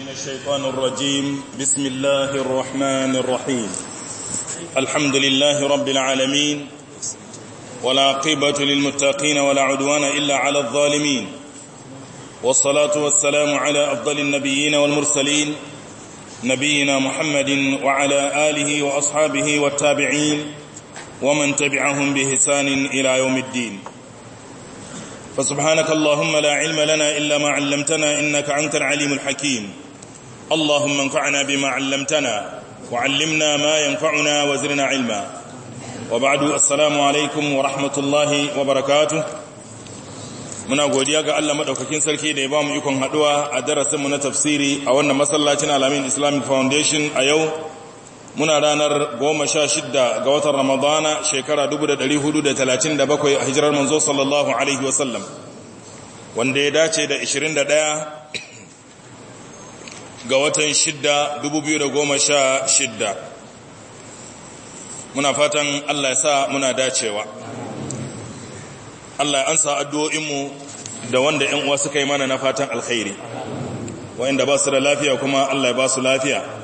من الشيطان الرجيم بسم الله الرحمن الرحيم الحمد لله رب العالمين ولا عقبة للمتقين ولا عدوان إلا على الظالمين والصلاة والسلام على أفضل النبيين والمرسلين نبينا محمد وعلى آله وأصحابه والتابعين ومن تبعهم بإحسان إلى يوم الدين فسبحانك اللهم لا علم لنا إلا ما علمتنا إنك أنت العليم الحكيم اللهم انفعنا بما علمتنا وعلمنا ما ينفعنا وزرنا علما وبعد السلام عليكم ورحمة الله وبركاته muna godiya ga Allah madaukakin sarki da ya ba mu ikon haduwa a darasinmu na tafsiri a wannan masallacin Alamin Islamic Foundation a yau muna ranar goma sha shidda ga watan ramadana shekara 437 a hijirar manzo sallallahu alaihi wasallam wanda ya dace da 21 ga watan shidda 2016 muna fatan allah ya sa muna dacewa allah ya ansa addu'o'inmu da wanda 'yan uwa suka yi mana na fatan alkhairi wa'inda ba su da lafiya kuma allah ya ba su lafiya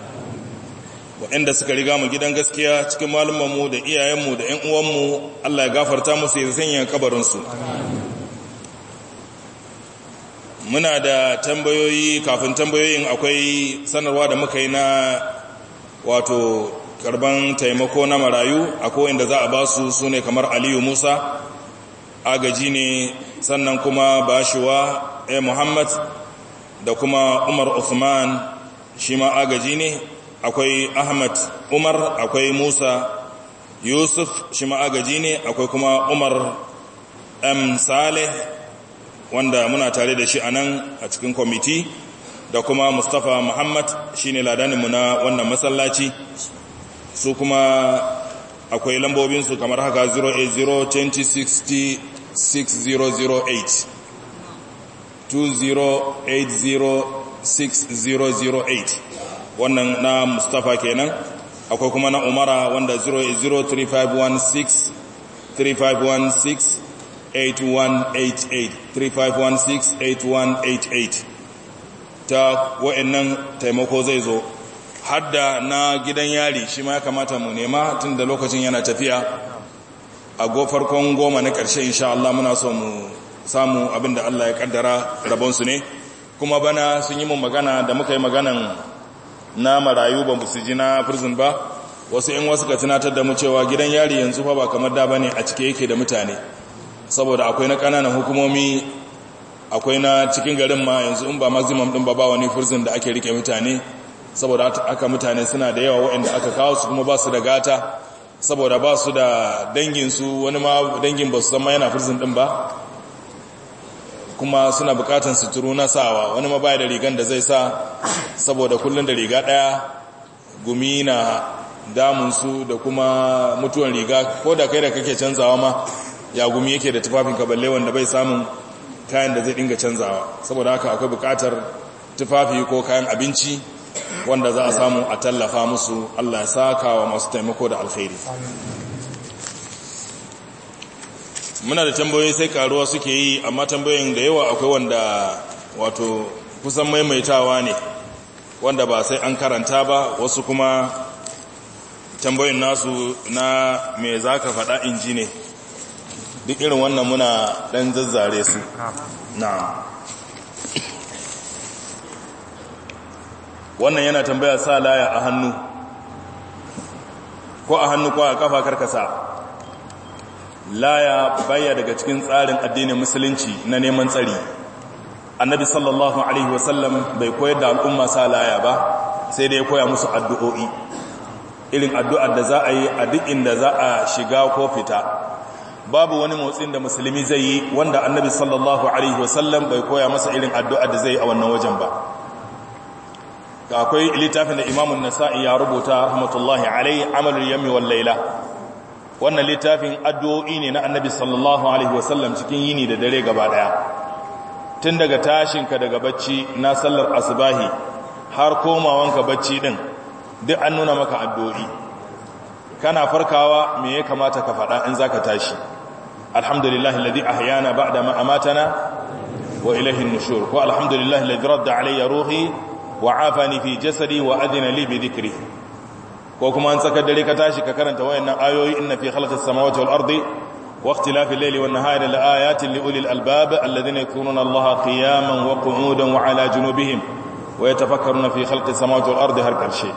waɗanda suka riga mu gidan gaskiya cikin malumanmu da iyayenmu da ‘yan uwanmu Allah ya gafarta musu ya sanya kabarinsu muna da tambayoyi kafin tambayoyin akwai sanarwa da muka yi na wato karban taimako na marayu akwai da za a ba su su ne kamar aliyu musa agaji ne sannan kuma bashiwa a eh, muhammad da kuma umar uthman shi ma agaji ne akwai ahmad umar akwai musa yusuf shi ma'agaji ne akwai kuma umar m saleh wanda muna tare da shi a nan a cikin kwamiti da kuma mustapha muhammad shi ne ladaninmu na wannan masallaci su kuma akwai lambobinsu kamar haka 080-2060-6008 2080-6008 wannan na mustapha kenan akwai kuma na umara wanda 03516-3516-8188 ta wa'annan taimako zai zo hadda na gidan yari shi ma ya kamata mu nema tun da lokacin yana tafiya a farkon goma na ƙarshe insha Allah muna so mu samu da Allah ya kaddara rabonsu ne kuma bana sun yi mun magana da muka yi maganan na marayu ba su ji na prison ba wasu yan wasu ka tunatar da mu cewa gidan yari yanzu fa ba kamar da bane a cike yake da mutane saboda akwai na kananan hukumomi akwai na cikin garin ma yanzu in ba maximum din ba ba wani prison da ake rike mutane saboda aka mutane suna da yawa waɗanda aka kawo su kuma ba su da gata saboda ba su da danginsu wani ma dangin ba su san ma yana prison din ba kuma suna bukatan suturu na sawa wani ma da rigan da zai sa saboda kullum da riga daya gumi na damunsu da kuma mutuwan riga ko da kai da kake canzawa ma ya gumi yake da tufafin kaballe wanda bai samun kayan da zai dinga canzawa saboda haka akwai bukatar tufafi ko kayan abinci wanda za a samu a tallafa musu Allah ya saka wa masu taimako da alkhairi muna da tambayoyi sai karuwa suke yi amma tambayoyin da yawa akwai wanda wato kusan maimaitawa ne wanda ba sai an karanta ba wasu kuma tambayoyin nasu na me za ka faɗa in ji ne duk irin wannan muna ɗan zazzare su na wannan yana tambaya sa laya a hannu ko a hannu ko a kafa karkasa laya baya daga cikin tsarin addinin musulunci na neman tsari annabi sallallahu alaihi wasallam bai koyar da al'umma sa laya ba sai dai koya musu addu'o'i irin addu'ar da za a yi a duk inda za a shiga ko fita babu wani motsin da musulmi zai yi wanda annabi sallallahu alaihi wasallam bai koya masa irin addu'a da zai yi a wannan wajen ba akwai littafin da imamun nasa'i ya rubuta rahmatullahi alai amalul yammi wal laila wannan littafin addu'o'i ne na annabi sallallahu alaihi wasallam cikin yini da dare gaba daya tun daga tashinka daga bacci na sallar asubahi har komawanka bacci din duk an nuna maka addu'o'i kana farkawa me ya kamata ka faɗa in zaka tashi alhamdulillahi alladhi ahyana ba'da ma'amatana amatana wa ilahin nushur ko alhamdulillahi alladhi radda alayya ruhi wa afani fi jasadi wa adina li bi dhikrihi ko kuma an tsakar dare ka tashi ka karanta wayannan ayoyi inna fi khalqis samawati wal ardi wa ikhtilafi al-layli wan nahari la ayatin li ulil albab alladhina yadhkuruna Allaha qiyaman wa qu'udan wa ala junubihim wa yatafakkaruna fi khalqis samawati wal ardi har karshe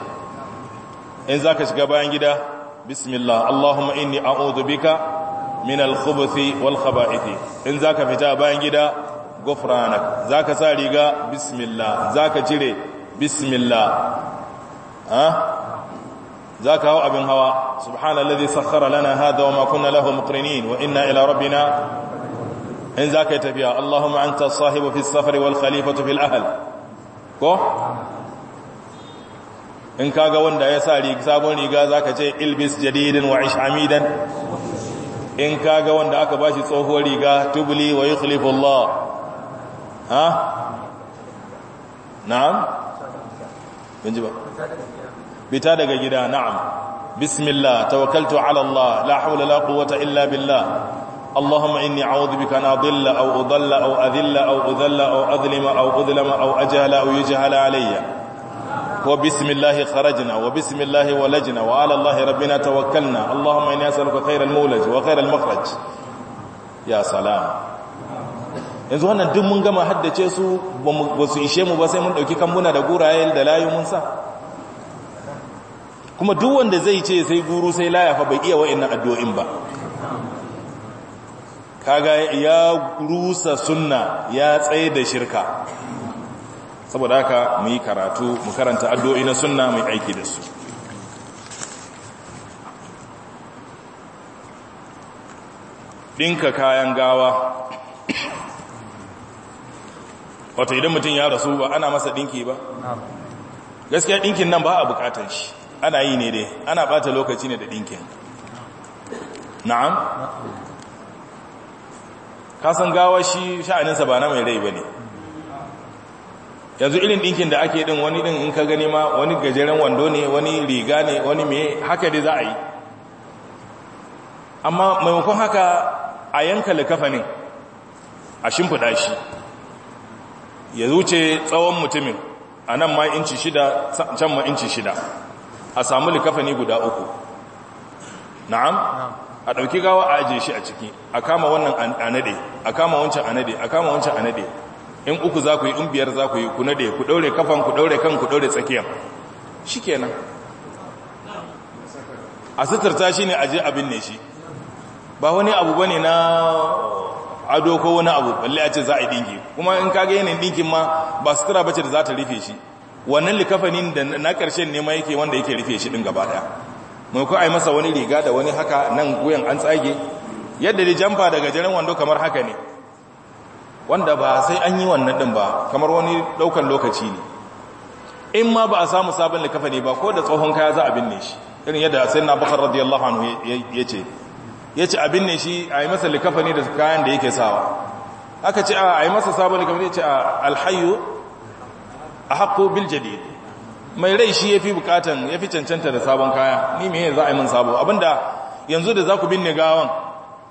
in zaka shiga bayan gida bismillah allahumma inni a'udhu bika min al-khubuthi wal khaba'ith in zaka fita bayan gida ghufranak zaka sa riga bismillah zaka cire bismillah ha ah? za ka hau abin hawa subhanallah zai sakhara lana hada wa makonna lahu mukrinin wa ina ila rabbina in za ka yi tafiya allahumma an ta sahibu fi safari wal khalifatu fil ahal ko in ka ga wanda ya sa sabon riga za ka ce ilbis jadidin wa ish hamidan in ga wanda aka ba shi tsohuwar riga tubli wa yi khulifullah ha na bin ji ba fita daga gida na'am bismillah tawakkaltu ala Allah la hawla la quwwata illa billah اللهم إني أعوذ بك أن أضل أو أضل أو أذل أو أذل أو أظلم أو أظلم أو أجهل أو يجهل علي وبسم الله خرجنا وبسم الله ولجنا وعلى الله ربنا توكلنا اللهم إني أسألك خير المولج وخير المخرج يا سلام yanzu wannan duk mun gama haddace su ba su ishe mu ba sai mun dauki kambuna da gurayen da layu kuma duk wanda zai ce sai guru sai layafa bai iya wa'in na addu'o'in ba kaga ya rusa sunna ya tsaye da shirka saboda haka mu yi karatu mu karanta addu'o'i na sunna mai aiki da su ɗinka kayan gawa Wata idan mutum ya rasu ba ana masa ɗinki ba gaskiya ɗinkin nan ba a bukatar shi ana yi ne dai ana bata lokaci ne da ɗinkin na'am kasan gawa shi sha'aninsa ba na mai rai ba ne yanzu irin ɗinkin da ake din wani ɗin in ka gani ma wani gajeren wando ne wani riga ne wani mai haka dai za a yi amma maimakon haka a yanka likafanin a shimfiɗa shi ya zuce tsawon mutumin a nan ma inci shida can ma inci shida a samu likafani guda uku na'am a ɗauki gawa a ajiye shi a ciki a kama wannan anade a kama wancan anade a kama wancan anade in uku za ku yi in biyar za ku yi ku nade ku ɗaure kafan ku ɗaure kan ku ɗaure tsakiyar. shi kenan a suturta shi ne aje abin ne shi ba wani abu bane na ado ko wani abu balle a ce za a yi ɗinki kuma in kage yanayin ɗinkin ma ba sutura bace da za ta rufe shi wannan likafanin da na ƙarshen nema yake wanda yake rufe shi ɗin gaba ɗaya maimako a yi masa wani riga da wani haka nan wuyan an tsage yadda da jamfa daga jiran wando kamar haka ne wanda ba sai an yi wannan ɗin ba kamar wani ɗaukan lokaci ne in ma ba a samu sabon likafani ba ko da tsohon kaya za a binne shi irin yadda sai na bakar radiyallahu anhu ya ce ya ce a binne shi a yi masa likafani da kayan da yake sawa aka ce a yi masa sabon likafani ya ce a alhayu a haƙo bil mai rai shi ya fi bukatan ya fi cancanta da sabon kaya ni me za a yi sabo abinda yanzu da za ku binne gawan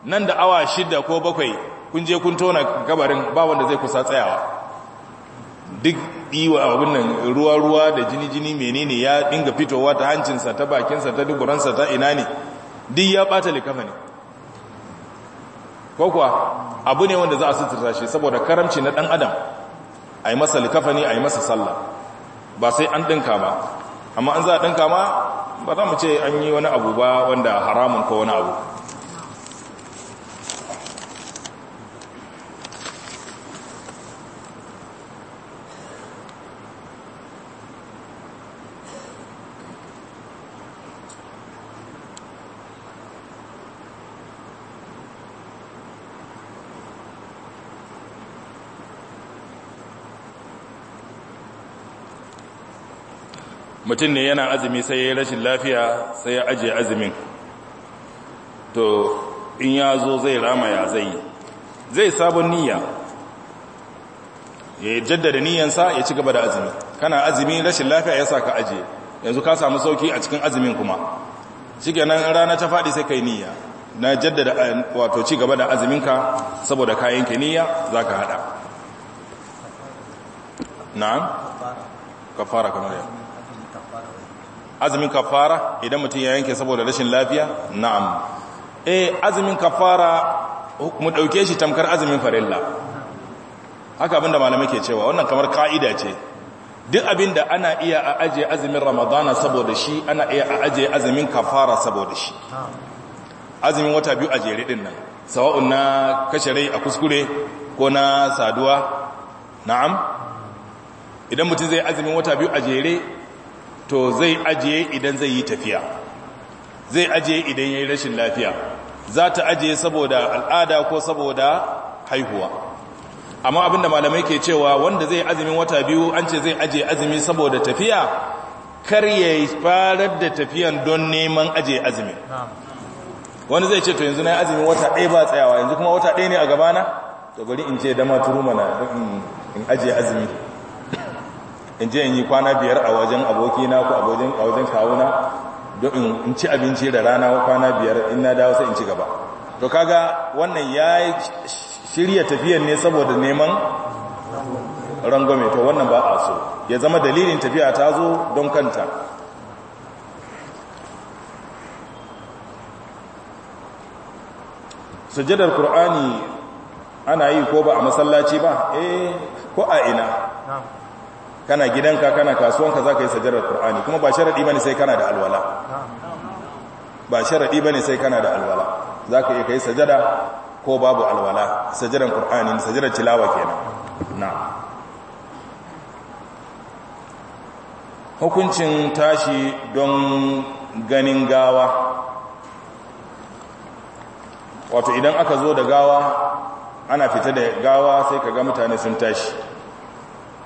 nan da awa shida ko bakwai kun je kun tona gabarin ba wanda zai kusa tsayawa duk iwa abin nan ruwa-ruwa da jini-jini menene ya dinga fitowa ta hancinsa ta bakinsa ta duburansa ta ina ne duk ya bata likama ne ko abu ne wanda za a sutura shi saboda karamci na dan adam a yi masa likafani a yi masa sallah ba sai an ɗinka ba amma an za a ɗinka ma ba za mu ce an yi wani abu ba wanda haramun ko wani abu mutum ne yana azumi sai ya yi rashin lafiya sai ya ajiye azumin to in ya zo zai rama ya zai zai sabon niyya ya jaddada niyyansa ya ci gaba da azumi kana azumi rashin lafiya ya sa ka ajiye yanzu ka samu sauki a cikin azumin kuma shi nan rana ta faɗi sai kai niyya na jaddada eh, wato ci gaba da azuminka saboda kayan ke niyya za ka haɗa na? kafara fara kamar yau azumin kafara idan mutum ya yanke saboda rashin lafiya na'am eh azumin kafara mu dauke shi tamkar azumin farilla haka abinda malamai ke cewa wannan kamar ka'ida ce duk abinda ana iya a aje azumin ramadana saboda shi ana iya a aje azumin kafara saboda shi azumin wata biyu a jere din nan sawa'un na kashe rai a kuskure ko na saduwa na'am idan mutum zai azumin wata biyu a jere to zai ajiye idan zai yi tafiya zai ajiye idan ya yi rashin lafiya za ta ajiye saboda al'ada ko saboda haihuwa amma abinda malamai ke cewa wanda zai azumin wata biyu an ce zai ajiye azumi saboda tafiya kar ya farar da tafiyan don neman ajiye azumi wani zai ce to yanzu na azumin wata ɗaya ba tsayawa yanzu kuma wata ɗaya ne a gabana to bari in ce dama turu mana in ajiye azumi in je in yi kwana biyar a wajen abokina ko a wajen kawuna don in ci abinci da rana kwana biyar in na dawo sai in ci gaba to kaga wannan ya shirya tafiyar ne saboda neman rangwame to wannan ba a so ya zama dalilin tafiya ta zo don kanta Sujjadar Kur'ani ana yi ko ba a masallaci ba eh ko a ina kana gidanka kana kasuwanka za ka yi sajarar ƙar'ani kuma ba sharaɗi ba ne sai kana da alwala ba sharaɗi ba ne sai kana da alwala za ka yi ka yi sajada ko babu alwala sajarar ƙur'ani sajarar cilawa kenan na hukuncin tashi don ganin gawa wato idan aka zo da gawa ana fita da gawa sai ka ga mutane sun tashi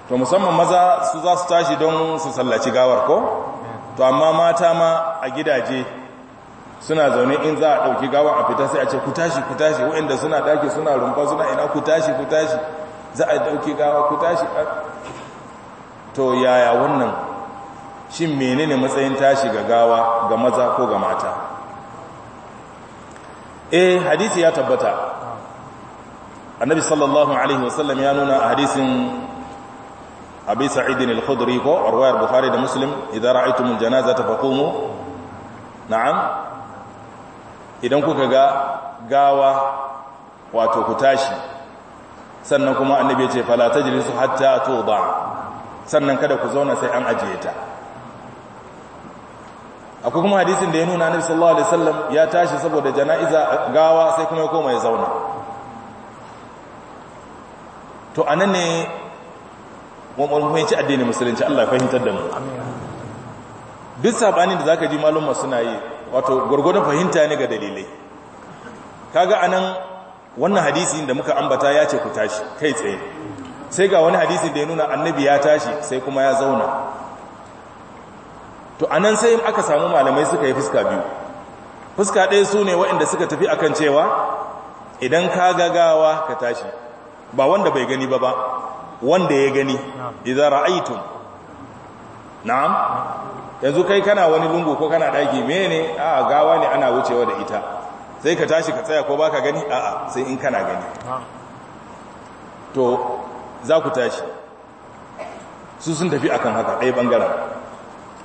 to musamman maza su za su tashi don su sallaci gawar ko to amma mata ma a gidaje suna zaune in za a ɗauki gawar a fita sai a ce ku tashi ku tashi waɗanda suna ɗaki suna rumfa suna ina ku tashi ku tashi za a ɗauki gawa ku tashi to yaya wannan shin menene matsayin tashi ga gawa ga maza ko ga mata eh hadisi ya tabbata annabi sallallahu alaihi wasallam ya nuna a hadisin abi sa'idin al-khudri ko arwayar bukhari da muslim idan ra'aytum al-janazata faqumu na'am idan kuka ga gawa wato ku tashi sannan kuma annabi ya ce fala tajlisu hatta tuḍa sannan kada ku zauna sai an ajiye ta akwai kuma hadisin da ya nuna annabi sallallahu alaihi wasallam ya tashi saboda jana'iza gawa sai kuma ya koma ya zauna to anan ne mu addinin musulunci Allah fahimtar da mu duk sabanin da zaka ji malumma suna yi wato gurgurdan fahimta ne ga dalilai kaga anan wannan hadisi da muka ambata ya ce ku tashi kai tsaye sai ga wani hadisi da ya nuna annabi ya tashi sai kuma ya zauna to anan sai aka samu malamai suka yi fuska biyu fuska ɗaya su ne waɗanda suka tafi akan cewa idan ka gagawa ka tashi ba wanda bai gani ba ba wanda ya gani idan ra'aitun na'am yanzu kai kana wani lungu ko kana daki mene a gawa ne ana wucewa da ita sai ka tashi ka tsaya ko baka gani a'a sai in kana gani to za ku tashi su sun tafi akan haka ɗaya bangaren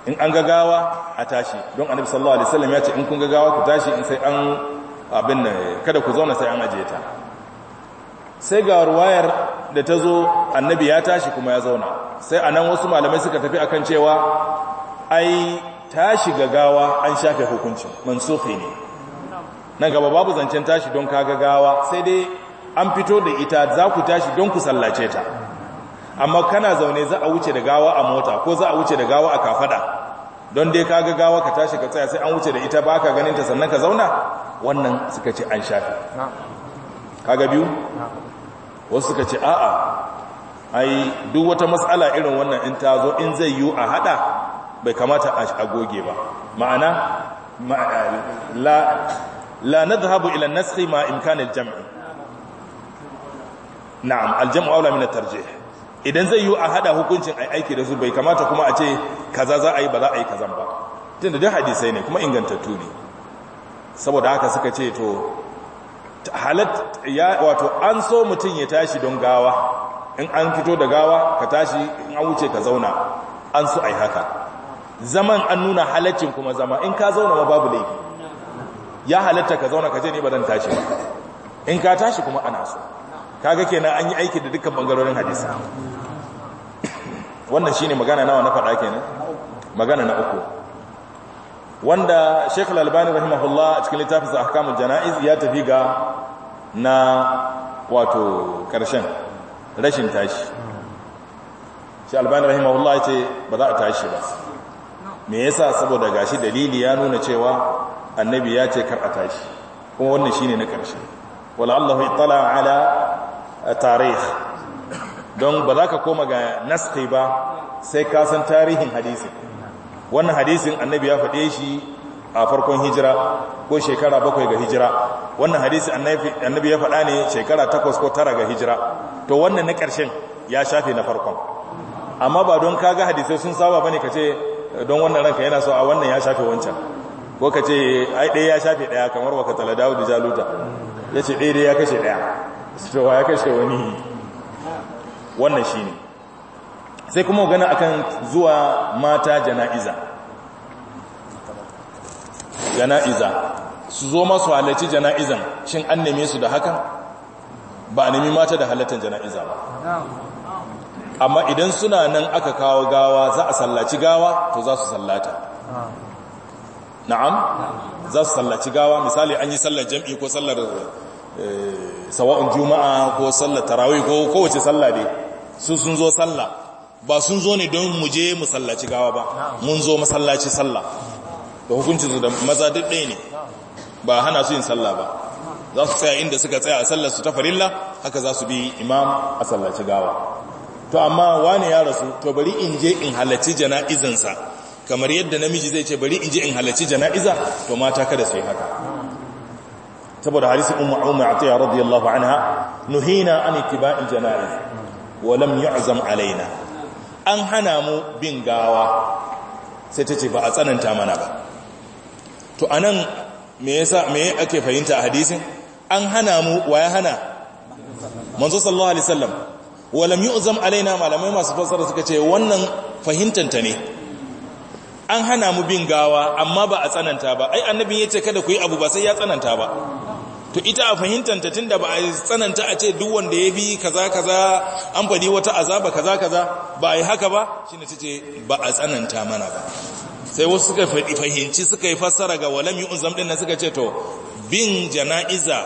in an gagawa a tashi don annabi sallallahu alaihi wasallam ya ce in kun gagawa ku tashi in sai an abin da eh, kada ku zauna sai an ajiye ta sai ga wayar da ta zo annabi ya tashi kuma ya zauna sai anan wasu malamai suka tafi akan cewa ai tashi gawa an shafe hukunci mansuhi ne nan gaba babu zancen tashi don kaga gawa sai dai an fito da ita za ku tashi don ku sallace ta amma kana zaune za a wuce da gawa a mota ko za a wuce da gawa a kafada don dai kaga gawa ka tashi ka tsaya sai an wuce da ita baka ganin ta sannan ka zauna wannan suka ce an shafe kaga biyu wasu suka ce a'a ai duk wata matsala irin wannan in ta zo in zai yiwu a hada bai kamata a goge ba ma'ana la nadhhabu ila ilan nasxi ma imkan al-jam' na'am al-jam'u mina tarje idan zai yiwu a hada hukuncin ai aiki da su bai kamata kuma a ce kaza za a yi ba za a yi kazan ba tunda duk hadisai ne kuma ingantattu ne saboda haka suka ce to halat ya wato an so mutum ya tashi don gawa in an fito da gawa ka tashi in an wuce ka zauna an so ai haka zaman an nuna halaccin kuma zama in ka zauna ma babu laifi ya halatta ka zauna ka je ne ba zan tashi ba in ka tashi kuma ana so kaga kenan an yi aiki da dukkan bangarorin hadisi wannan shine magana nawa na faɗa kenan magana na uku wanda Sheikh Al-Albani rahimahullah cikin littafin Ahkamul Janaiz ya tafi ga na wato karshen rashin tashi shi Albani rahimahullah ya ba za a tashi ba me yasa saboda gashi dalili ya nuna cewa annabi ya ce kar a tashi kuma wannan shine na karshe wala Allahu ittala ala tarikh don ba za ka koma ga naskhi ba sai ka san tarihin hadisi wannan hadisin annabi ya faɗe shi a farkon hijira ko shekara bakwai ga hijira wannan hadisin annabi ya faɗa ne shekara takwas ko tara ga hijira to wannan na ƙarshen ya shafe na farkon amma ba don kaga hadisai sun saba bane ka ce don wannan ranka yana so a wannan ya shafe wancan ko ka ce ai ɗaya ya shafe ɗaya kamar waka tala dawudu jaluta ya ce ɗaya ya kashe ɗaya su ya kashe wani wannan shi ne sai kuma magana akan zuwa mata jana'iza jana'iza su zo masu halarci jana'izan shin an neme su da hakan ba a nemi mata da halartar jana'iza ba amma idan suna nan aka kawo gawa za a sallaci gawa to za su sallata na'am za su sallaci gawa misali an yi sallar jam'i ko sallar eh, sawa'un juma'a ko sallar tarawih ko kowace sallar ne su sun zo sallar ba sun zo ne don mu je musallaci gawa ba mun zo masallaci sallah da su da maza duk ɗaya ne ba hana su yin sallah ba za su tsaya inda suka tsaya a sallah su ta farilla haka za su bi imam a sallaci gawa to amma wane ya rasu to bari in je in halarci jana'izansa kamar yadda namiji zai ce bari in je in halarci jana'iza to mata kada su yi haka saboda hadisin ummu a atiya radiyallahu anha nuhina an ittiba'il jana'iz wa lam yu'zam alaina an hana mu bin gawa sai ta ce ba a tsananta mana ba to nan me yasa me ake fahimta a hadisin an hana mu wa ya hana manzo sallallahu alaihi wasallam walam yu'zam alaina malamai masu fassara suka ce wannan fahimtanta ne an hana mu bin gawa amma ba a tsananta ba ai annabin yace kada ku yi abu ba sai ya tsananta ba to ita a fahimtanta tunda ba a tsananta a ce duk wanda ya bi kaza kaza an fadi wata azaba kaza kaza ba a yi haka ba shine tace ba a tsananta mana ba sai wasu suka fahimci suka yi fassara ga walam yu'zam din suka ce to bin jana'iza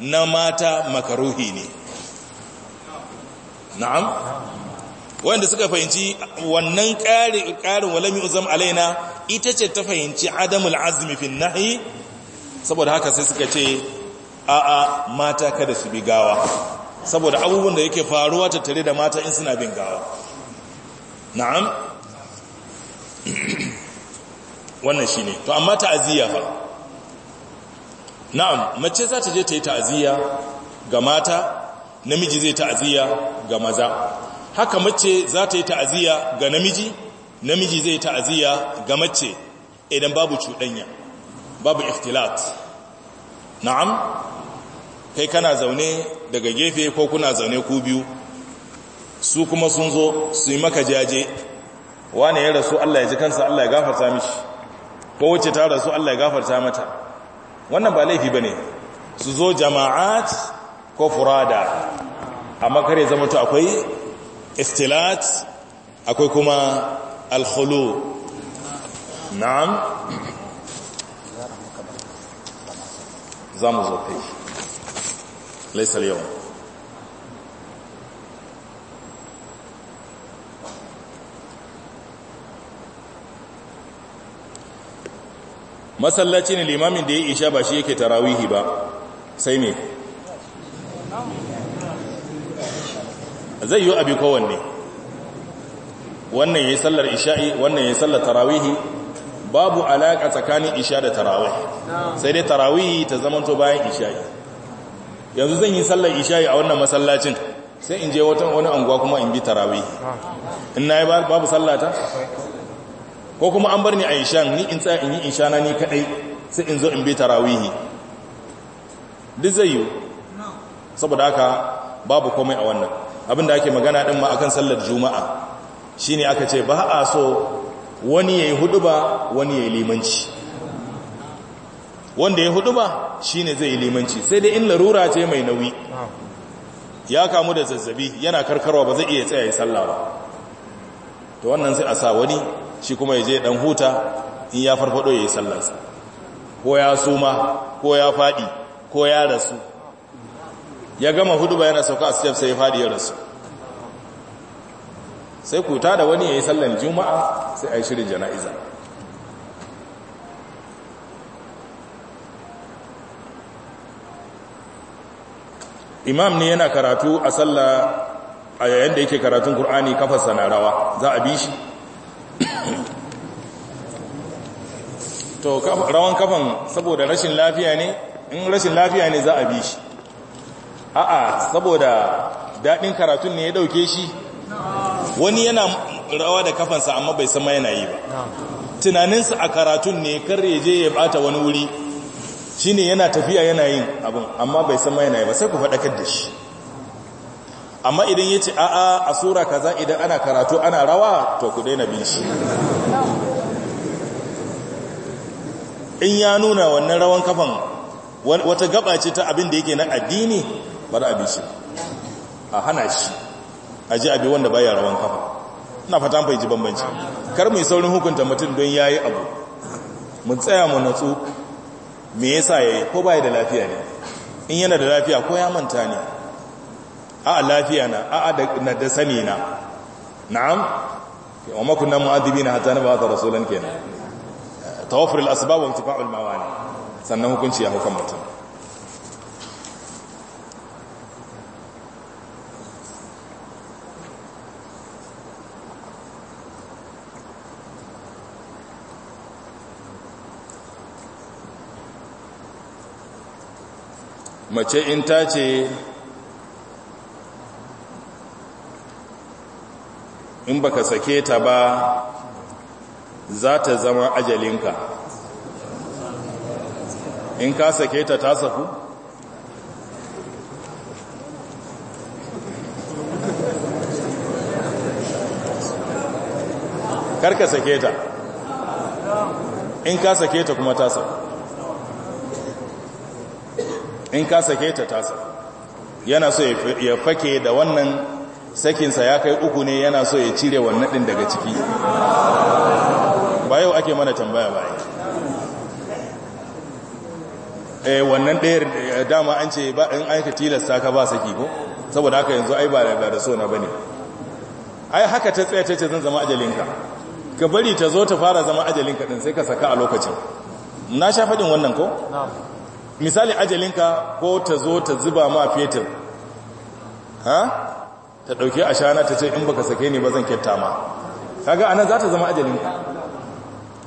na mata makaruhi ne na'am wanda suka fahimci wannan ƙarin walam yu'zam alaina ita ce ta fahimci adamul azumi fin nahyi saboda haka sai suka ce a'a mata kada su bi gawa saboda abubuwan da yake faruwa tattare da mata in suna bin gawa na'am wannan shi ne to amma ta'aziyya fa na'am mace za ta je ta yi ta'aziyya ga mata namiji zai ta'aziyya ga maza haka mace za ta yi ta'aziyya ga namiji namiji zai ta'aziyya ga mace idan babu cuɗanya babu iftilat. na'am kai kana zaune daga gefe ko kuna zaune ku biyu su kuma sun zo su yi maka jaje wane ya rasu Allah ya ji kansa Allah ya gafarta mishi ko wacce ta rasu Allah ya gafarta mata wannan ba laifi bane su zo jama'at ko furada amma kare zama to akwai istilat akwai kuma al na'am za mu zo kai laisar yau masallaci ne limamin da ya isha ba shi yake tarawihi ba sai me zai yi abi kowanne wannan ya yi sallar isha'i wannan ya yi sallar tarawihi babu alaƙa tsakanin isha da tarawai, sai dai tarawai ta zamanto bayan isha'i yanzu zan yi sallar isha'i a wannan masallacin sai in je wata wani anguwa kuma in bi tarawai. in na yi babu sallata ko kuma an bar ni a ishan ni in tsaye in yi ishana ni kadai sai in zo in bi tarawai. duk zai yi saboda haka babu komai a wannan abinda ake magana din ma akan sallar juma'a shine aka ce ba a so wani ya yi ba wani ya yi limanci wanda ya yi ba shi ne zai yi limanci sai dai in larura ce mai nauyi ya kamu da zazzabi yana karkarwa ba zai iya tsaye ya sallah ba to wannan sai a sa wani shi kuma ya je dan huta in ya farfado ya yi sallarsa ko ya suma ko ya faɗi ko ya rasu ya gama ba yana sauka a sai ya faɗi ya rasu sai ku da wani ya yi sallan juma'a sai a yi shirin jana'iza imam ne yana karatu a sallah a yayin da yake karatun Kur'ani kafarsa na rawa za a bi shi to rawan kafan saboda rashin lafiya ne in rashin lafiya ne za a bi shi a'a saboda daɗin karatun ne ya ɗauke shi wani yana rawa da kafansa amma bai sama yana yi ba tunaninsa a karatun ne kar ya je ya bata wani wuri shine yana tafiya yana yin abin amma bai sama yana yi ba sai ku faɗakar da shi amma idan ya ce a'a a tsura kaza idan ana karatu ana rawa to ku daina bin shi in ya nuna wannan rawan kafan wata gaba ce ta abin da yake na addini Bar abin shi a hana shi a ji abi wanda baya rawan kafa ina fata fahimci bambanci kar mu yi saurin hukunta mutum don yayi abu mu tsaya mu natsu me yasa yayi ko baya da lafiya ne in yana da lafiya ko ya manta ne a lafiya na a da da sani na na'am wa ma kunna mu'adhibina hatta nab'atha rasulan kenan tawaffur al-asbab wa intifa'ul mawani sannan hukunci ya hukunta mutum mace in ta ce in baka sake ta ba za ta zama ajalinka in ka sake ta ta saku karka sake ta in ka sake ta kuma ta saku in ka sake ta tasa yana so ya fake da wannan sakinsa ya kai uku ne yana so ya cire wannan ɗin daga ciki ba yau ake mana tambaya ba eh wannan ɗayar eh, dama an ce ba in aika tilasta ka ba saki ko saboda haka yanzu ai ba da so na bane ai haka ta tsaya ta ce zan zama ajalinka ka bari ta zo ta fara zama ajalinka din sai ka saka a lokacin na sha faɗin wannan ko misali ajalinka ko ta zo ta zuba ma fetur ha ta dauke a shana ta ce in baka sake ni ba zan kyauta ma kaga anan za ta zama ajalinka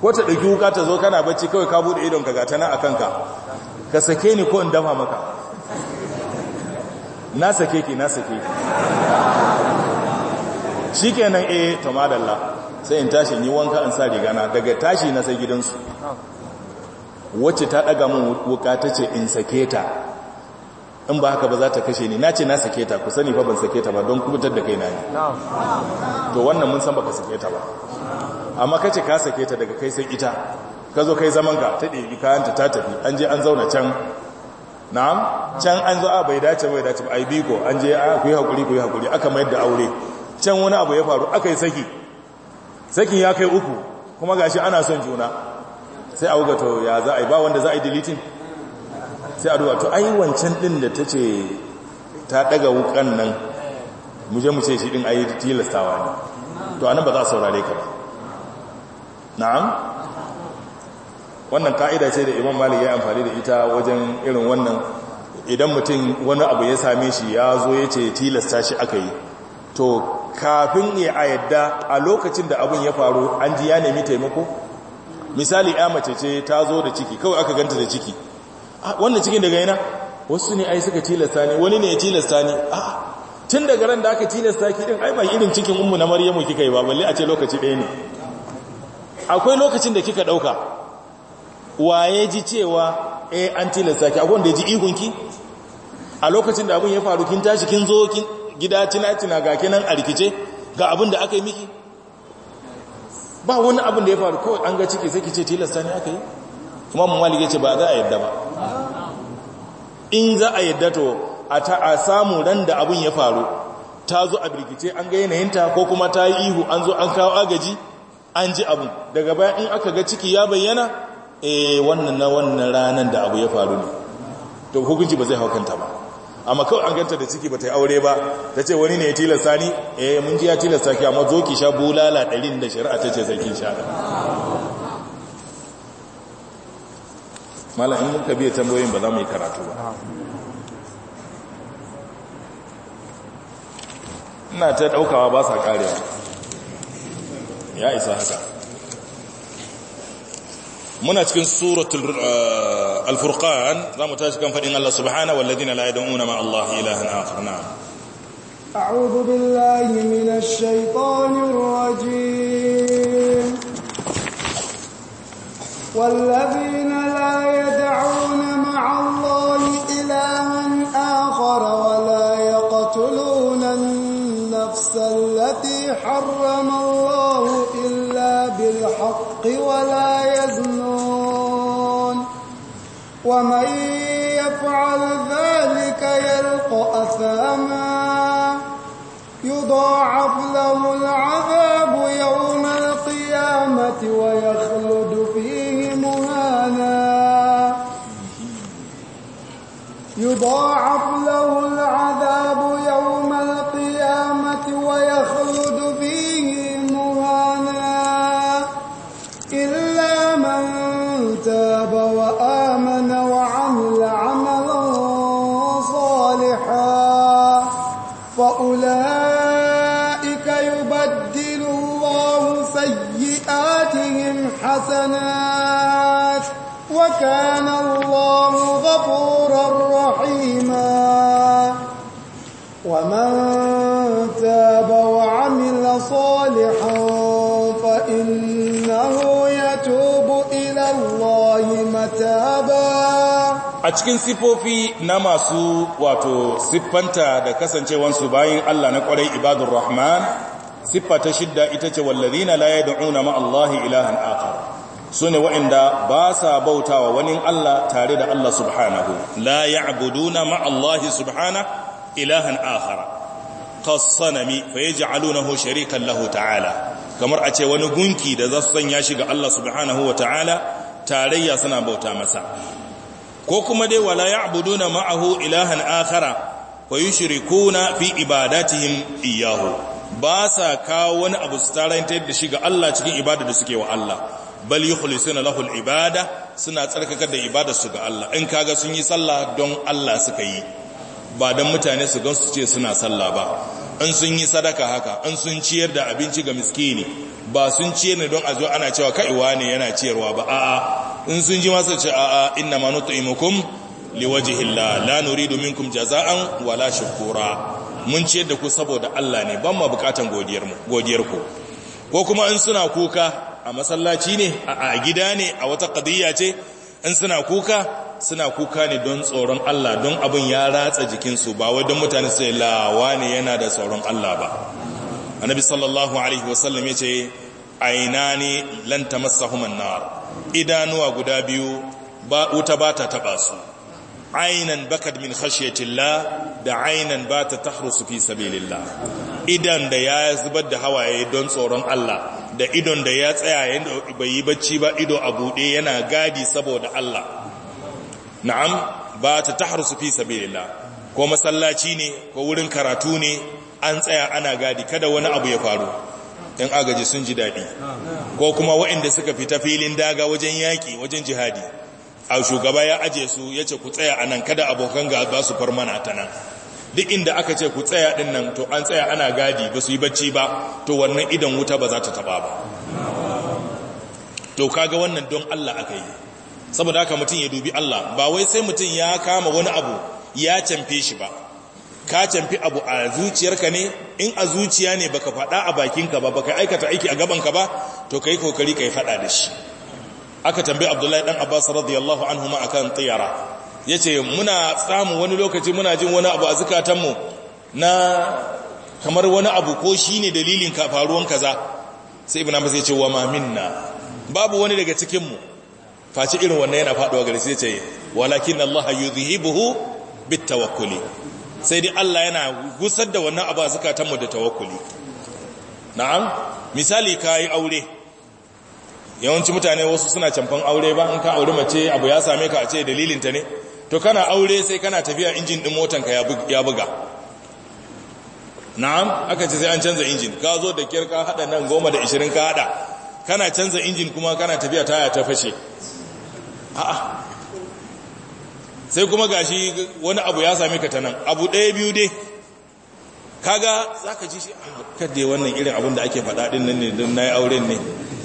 ko ta dauki wuka ta zo kana bacci kawai ka bude idonka ga ta nan a kanka ka sake ni ko in dafa maka na sake ki na sake ki shi kenan eh madalla sai in tashi yi wanka in sa riga na daga tashi na sai gidansu wacce ta daga mun wuka ta ce in sake ta in ba haka ba za ta kashe ni na ce na sake ta ku sani fa ban sake ta ba don kubutar da kai na ne to wannan mun san baka sake ta ba amma kace ka sake ta daga kai sai ita ka zo kai zaman ka ta ɗebi kayanta ta tafi an je an zauna can na'am can an zo a bai dace bai dace ba ai biko an je a ku yi hakuri ku yi hakuri aka mayar da aure can wani abu ya faru aka yi saki sakin ya kai uku kuma gashi ana son juna sai a wugato ya za a yi ba wanda za a yi deleting sai a duwato ai wancan din da ta ce ta daga wukan nan mu je mu ce shi din ai tilastawa ne to anan ba za a saurare ka ba na'am wannan ka'ida ce da imam malik ya amfani da ita wajen irin wannan idan mutum wani abu ya same shi ya zo ya ce tilasta shi aka yi to kafin ya a yadda a lokacin da abun ya faru an ji ya nemi taimako misali ya mace ce ta zo da ciki kawai aka ganta da ciki wannan cikin daga yana wasu ne ai suka tilasta ne wani ne ya tilasta ne a tun daga ran da aka tilasta ki din ai ba irin cikin ummu na maryamu kika yi ba balle a ce lokaci ɗaya ne akwai lokacin da kika ɗauka waye ji cewa a eh, an tilasta ki akwai wanda ya ji ki? a lokacin da abin ya faru kin tashi kin zo gida tina tina ga kenan a rikice ga abin da aka yi miki ba wani abin da ya faru kawai an ga ciki sai ki ce tilasta ne aka yi kuma malik ya ce ba za a yadda ba in za a yadda to a samu ran da abin ya faru ta zo a birkice an ga ta ko kuma ta yi ihu an zo an kawo agaji an ji abu daga baya in aka ga ciki ya bayyana eh wannan na wannan ranar da abu ya faru ne to hukunci ba zai haukanta ba amma kawai an ganta da ciki ba ta yi aure ba ta ce wani ne ya tilasta ni eh mun ji ya tilasta ki amma zo ki sha bulala ɗarin da shari'a ta ce sai kin sha mala in muka biya tambayoyin ba za mu yi karatu ba ina ta ɗaukawa ba sa ƙarewa ya isa haka muna cikin suratul al-furqan zamu tashi kan fadin Allah subhanahu walladina la yad'una ma Allah ilahan akhar na'am a'udhu billahi minash shaitanir rajim walladina la yad'una ma Allah ilahan akhar wa la yaqtuluna an-nafs allati harrama Allah illa bil haqq wa la ومن يفعل ذلك يلقى أثاما يضاعف له العذاب يوم القيامة ويخلد فيه مهانا يضاعف وكان الله غفورا رحيما ومن تاب وعمل صالحا فإنه يتوب إلى الله متابا a cikin sifofi na masu wato siffanta da kasancewansu bayan Allah na ƙwarai ibadur rahman siffa ta shidda ita ce wallazina la yad'una ma Allah ilahan akhar su ne wa'inda ba sa bautawa wani Allah tare da Allah subhanahu la ya ya'buduna ma'allahi subhana ilahan akhara qassanami fa ho sharikan lahu ta'ala kamar a ce wani gunki da za su sanya shi Allah subhanahu wa ta'ala tarayya suna bauta masa ko kuma dai wala na ma'ahu ilahan akhara wa yushrikuna fi ibadatihim iyahu. ba sa kawo wani abu su tarantar da shiga Allah cikin ibada da suke wa Allah bal yukhlisuna lahu al-ibada suna tsarkakar da su ga Allah in kaga sun yi sallah don Allah suka yi ba don mutane su gansu ce suna sallah ba in sun yi sadaka haka in sun ciyar da abinci ga miskini ba sun ciyar ne don a zo ana cewa kai ne yana ciyarwa ba a'a in sun ji masa ce a'a inna ma nut'imukum liwajhillah la nuridu minkum jaza'an wala shukura mun ciyar da ku saboda Allah ne ban ma bukatan godiyar mu godiyar ku ko kuma in suna kuka a masallaci ne a gida ne a wata kadiyya ce in suna kuka suna kuka ne don tsoron Allah don abin ya ratsa jikinsu ba wai don mutane su lawa ne yana da tsoron Allah ba annabi sallallahu alaihi wasallam yace lanta lan human na idanuwa guda biyu ba wuta ba ta taba su ainan bakat min khashyatillah da ainan ba ta tahrusu fi sabilillah idan da ya zubar da hawaye don tsoron Allah da idon da ya tsaya yadda bai yi bacci ba ido a buɗe yana gadi saboda Allah na'am ba ta su fi sabilillah ko masallaci ne ko wurin karatu ne an tsaya ana gadi kada wani abu ya faru in agaji sun ji daɗi ko kuma waɗanda suka fita filin daga wajen yaƙi wajen jihadi a shugaba ya aje su ya ce ku tsaya a nan kada abokan ga ba su farmana ta nan duk inda aka ce ku tsaya din nan to an tsaya ana gadi ba su yi bacci ba to wannan idan wuta ba za ta taba ba to kaga wannan don Allah aka yi saboda haka mutum ya dubi Allah ba wai sai mutum ya kama wani abu ya canfe shi ba ka camfi abu a zuciyarka ne in a zuciya ne baka faɗa a bakinka ba baka aikata aiki a gabanka ba to kai kokari kai faɗa da shi aka tambayi Abdullahi dan Abbas radiyallahu anhu ma akan tiyara ya ce muna samun wani lokaci muna jin wani abu a zukatanmu na kamar wani abu ko shi ne dalilin kafaruwan kaza sai ibn masu ya ce wa maminna babu wani daga cikinmu face irin wannan yana faɗuwa gari sai ce walakin allaha bit tawakuli sai dai allah yana gusar da wannan abu a zukatanmu da tawakuli na'am misali ka yi aure yawanci mutane wasu suna camfan aure ba in ka aure mace abu ya same ka a ce dalilinta ne to kana aure sai kana tafiya injin din motanka ya buga na'am aka ce sai an canza injin ka zo da kyar ka hada nan goma da ishirin ka hada kana canza injin kuma kana tafiya taya ta fashe a'a sai kuma gashi wani abu ya same ka ta nan abu ɗaya biyu dai kaga za ka ji shi ah, kadde wannan irin abin da ake faɗa ɗin nan ne don na yi auren ne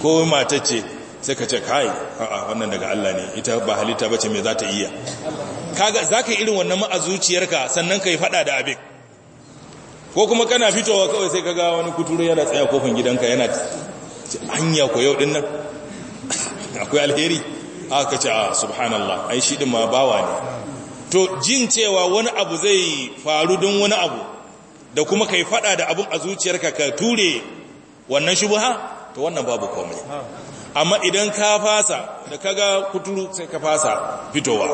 ko matacce sai ka ce kai a'a wannan daga Allah ne ita ba halitta ba ce me za ta iya kaga zaka irin wannan ma zuciyarka sannan kai fada da abin ko kuma kana fitowa kawai sai kaga wani kuturu yana tsaya kofin gidanka yana hanya ko yau din nan akwai alheri aka ce a ah, subhanallah ai shi din ma bawa ne to jin cewa wani abu zai faru don wani abu da kuma kai fada da abun a zuciyarka ka ture wannan shubha to wannan babu komai amma idan ka fasa da kaga kuturu sai ka fasa fitowa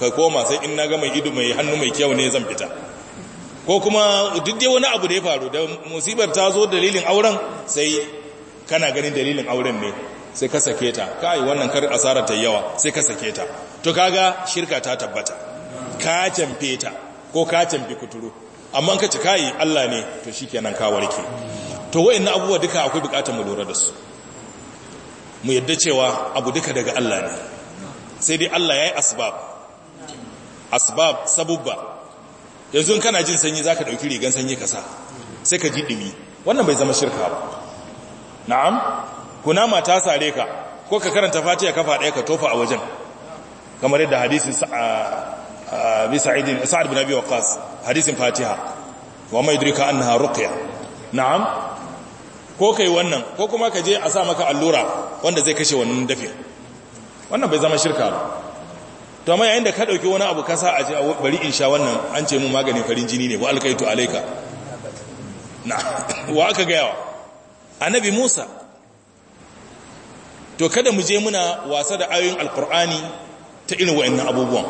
ka koma sai in na ga mai ido mai hannu mai kyau ne zan fita ko kuma duk dai wani abu da ya faru da musibar ta zo dalilin auren sai kana ganin dalilin auren ne sai ka sake ta kai wannan kar asarar ta yawa sai ka sake ta to kaga shirka ta tabbata ka canfe ta ko ka camfi kuturu amma ka ci kai Allah ne to shikenan ka warke to wayannan abubuwa duka akwai bukatar mu lura da su mu yadda cewa abu duka daga Allah ne sai dai Allah ya yi asbab asbab sabubba yanzu kana jin sanyi zaka dauki rigan sanyi ka sa sai ka ji dumi wannan bai zama shirka ba na'am kunama ta sare ka ko ka karanta fatiha kafa daya ka tofa a wajen kamar yadda hadisin bi sa'id sa'ad bin abi waqas hadisin fatiha wa ma yudrika annaha ruqya na'am ko kai wannan ko kuma ka je a sa maka allura wanda zai kashe wannan dafi wannan bai zama shirka ba to amma yayin da ka dauki wani abu kasa a ce bari in sha wannan an ce mu maganin farin jini ne wa alkaitu alayka na wa aka ga yawa annabi Musa to kada mu je muna wasa da ayoyin alqur'ani ta irin wayannan abubuwan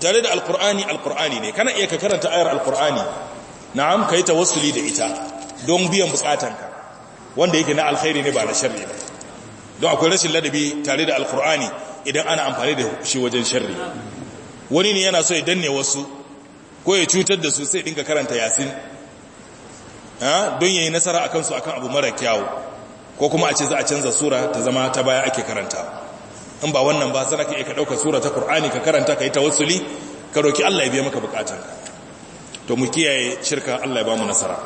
tare da alqur'ani alqur'ani ne kana iya ka karanta ayar alqur'ani na'am kai wasuli da ita don biyan bukatanka wanda yake na alkhairi ne ba na sharri ba don akwai rashin ladabi tare da alqur'ani idan ana amfani da shi wajen sharri wani ne yana so ya danne wasu ko ya cutar da su sai dinka karanta yasin don yayi nasara a kansu akan abu mara kyawu ko kuma a ce za a canza sura ta zama ta baya ake karanta in ba wannan ba sana ka ka ɗauka sura ta Kur'ani ka karanta ka yi tawassuli ka roki Allah ya biya maka bukatar to mu kiyaye shirka Allah ya ba mu nasara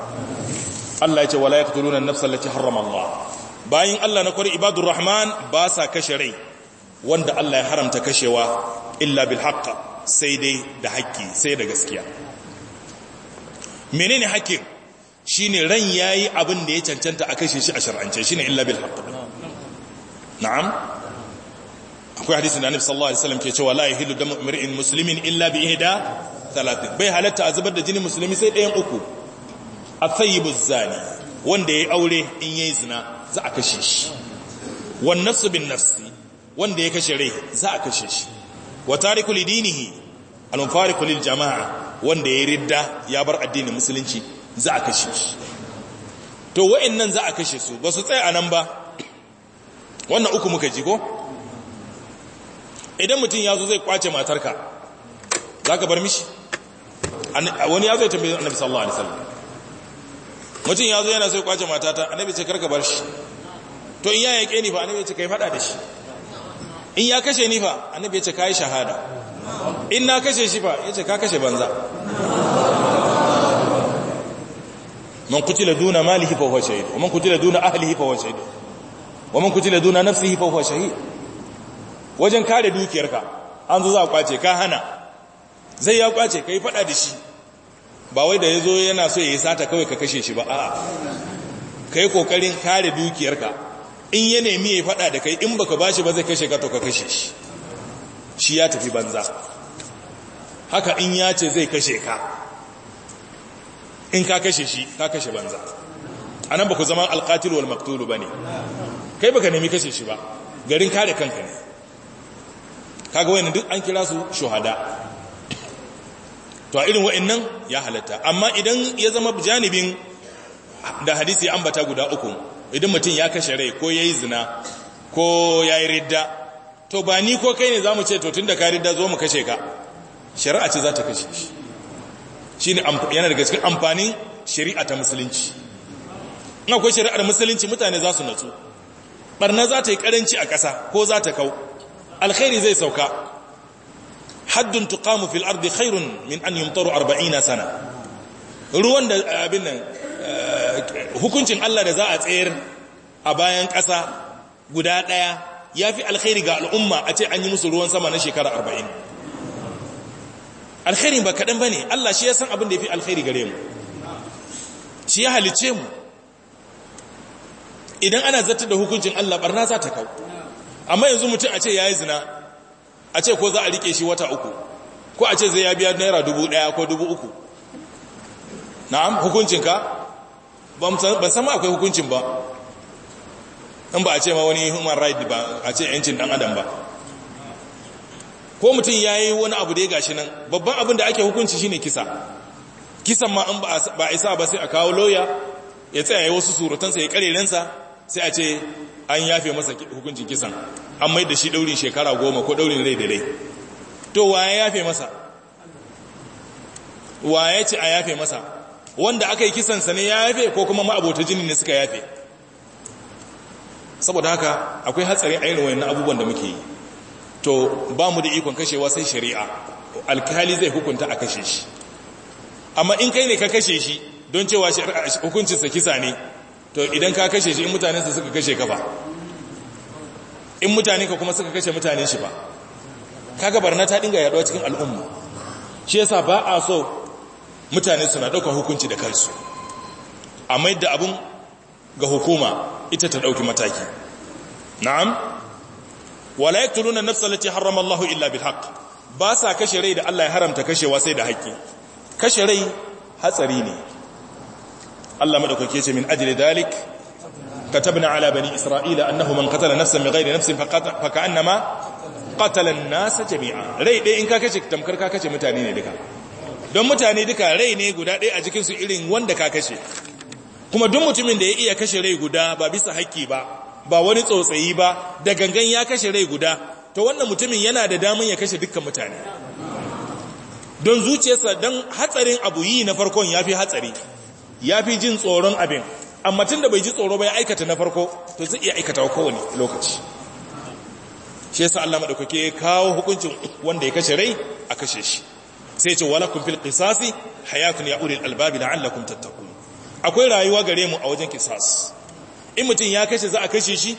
Allah ya ce wala ya an-nafsa lati harrama Allah Bayan Allah na kwari ibadur rahman ba sa kashe rai wanda Allah ya haramta kashewa illa bil haqqa sai dai da haƙƙi sai da gaskiya menene haƙƙin shine ran yayi abin da ya cancanta a kashe shi a shar'ance shine illa bil haqq na'am akwai hadisin da Annabi sallallahu alaihi wasallam ke cewa la yahillu damu imri'in muslimin illa bi ihda talatin bai halatta a zubar da jinin musulmi sai ɗayan uku a tsayibu zani wanda ya yi aure in ya yi zina za a kashe shi wannan su bin nafsi wanda ya kashe rai za a kashe shi wa tariku lidinihi al-mufariqu lil jama'a wanda ya ridda ya bar addinin musulunci za a kashe shi to wa'annan za a kashe su ba su tsaya anan ba wannan uku muka ji ko idan mutum ya zo zai kwace matarka za ka bar mishi wani ya zo ya tambayi annabi sallallahu alaihi wasallam mutum ya zo yana sai kwace matata annabi ce karka bar shi to in ya yake ni fa annabi ce kai fada da shi in ya kashe ni fa annabi ya ce kai shahada in na kashe shi fa ya ce ka kashe banza man kutila duna malihi fa huwa shahid wa man kutila duna ahlihi fa huwa shahid wa man kutila duna nafsihi fa huwa shahid wajen kare dukiyarka an zo za ku kwace ka hana zai ya kwace kai fada da shi ba wai da yazo yana so ya yi sata kawai ka kashe shi ba a'a kai kokarin kare dukiyarka in ya nemi ya faɗa da kai in baka bashi ba zai kashe ka to ka kashe shi shi ya tafi banza haka in ya ce zai kashe ka in ka kashe shi ka kashe banza anan baku zama alqatil wal maqtul bane kai baka nemi kashe shi ba garin kare kanka ne kaga wayannan duk an kira su shuhada to a irin wa'annan ya halatta amma idan ya zama janibin da hadisi ambata guda uku idan mutum ya kashe rai ko ya yi zina ko ya yi ridda to ba ni ko kai ne za mu ce to tun da ka ridda zo mu kashe ka shari'a ce za ta kashe shi shi ne yana daga cikin amfanin shari'a ta musulunci in akwai shari'ar musulunci mutane za su natsu barna za ta yi karanci a ƙasa ko za ta kau alkhairi zai sauka haddun tuqamu fil ardi khairun min an yumtaru 40 sana ruwan da abin nan hukuncin Allah da za a tsayar a bayan ƙasa guda ɗaya ya fi alkhairi ga al'umma a ce an yi musu ruwan sama na shekara arba'in alkhairi ba kaɗan ba ne Allah shi ya san abin da ya fi alkhairi gare mu shi ya halice mu idan ana zartar da hukuncin Allah barna za ta kau amma yanzu mutum a ce ya yi zina a ce ko za a riƙe shi wata uku ko a ce zai ya biya naira dubu ɗaya ko dubu uku na'am hukuncinka ban sama akwai hukuncin ba in ba a ce ma wani human right ba a ce yancin dan adam ba ko mutum ya yi wani abu da ya gashi nan babban abin da ake hukunci shine kisa kisan ma in ba a isa ba sai a kawo lauya ya tsaya ya wasu surutansa ya karerensa sai a ce an yafe masa hukuncin kisan an mai da shi daurin shekara goma ko daurin rai da rai to waye yafe masa waye ce a yafe masa wanda aka yi kisansa ne ya yafe ko kuma ma'abota jini ne suka yafe saboda haka akwai hatsari a irin na abubuwan da muke yi to ba mu da ikon kashewa sai shari'a alkali zai hukunta a kashe shi amma in kai ne ka kashe shi don cewa hukuncinsa kisa ne to idan ka kashe shi in mutanensa suka kashe ka ba in mutane ka kuma suka kashe mutanen shi ba kaga barna ta dinga yaduwa cikin al'umma shi yasa ba a so mutane suna ɗaukar hukunci da kansu a mai da abin ga hukuma ita ta ɗauki mataki na'am wala yaqtuluna an-nafsa allati Allahu illa bil haqq ba sa kashe rai da Allah ya haramta kashewa sai da haƙƙi kashe rai hatsari ne Allah madaukake ce min ajli dalik katabna ala bani isra'ila annahu man qatala nafsan bighayri nafsin faka'annama qatala an-nasa jami'a rai dai in ka kashe tamkar ka kace mutane ne duka don mutane duka rai ne guda ɗaya a jikinsu irin wanda ka kashe kuma duk mutumin da ya iya kashe rai guda ba bisa haƙƙi ba ba wani tsotsayi ba da gangan ya kashe rai guda to wannan mutumin yana da damun ya kashe dukkan mutane don zuciyarsa don hatsarin abu yi na farkon ya fi hatsari ya fi jin tsoron abin amma tun da bai ji tsoro ba ya aikata na farko to zai iya aikata kowane lokaci shi yasa Allah madaukake ya kawo hukuncin wanda ya kashe rai a kashe shi sai ce walakum fil qisasi hayatun ya ulil albabi la'allakum tattaqun akwai rayuwa gare mu a wajen qisas in mutum ya kashe za a kashe shi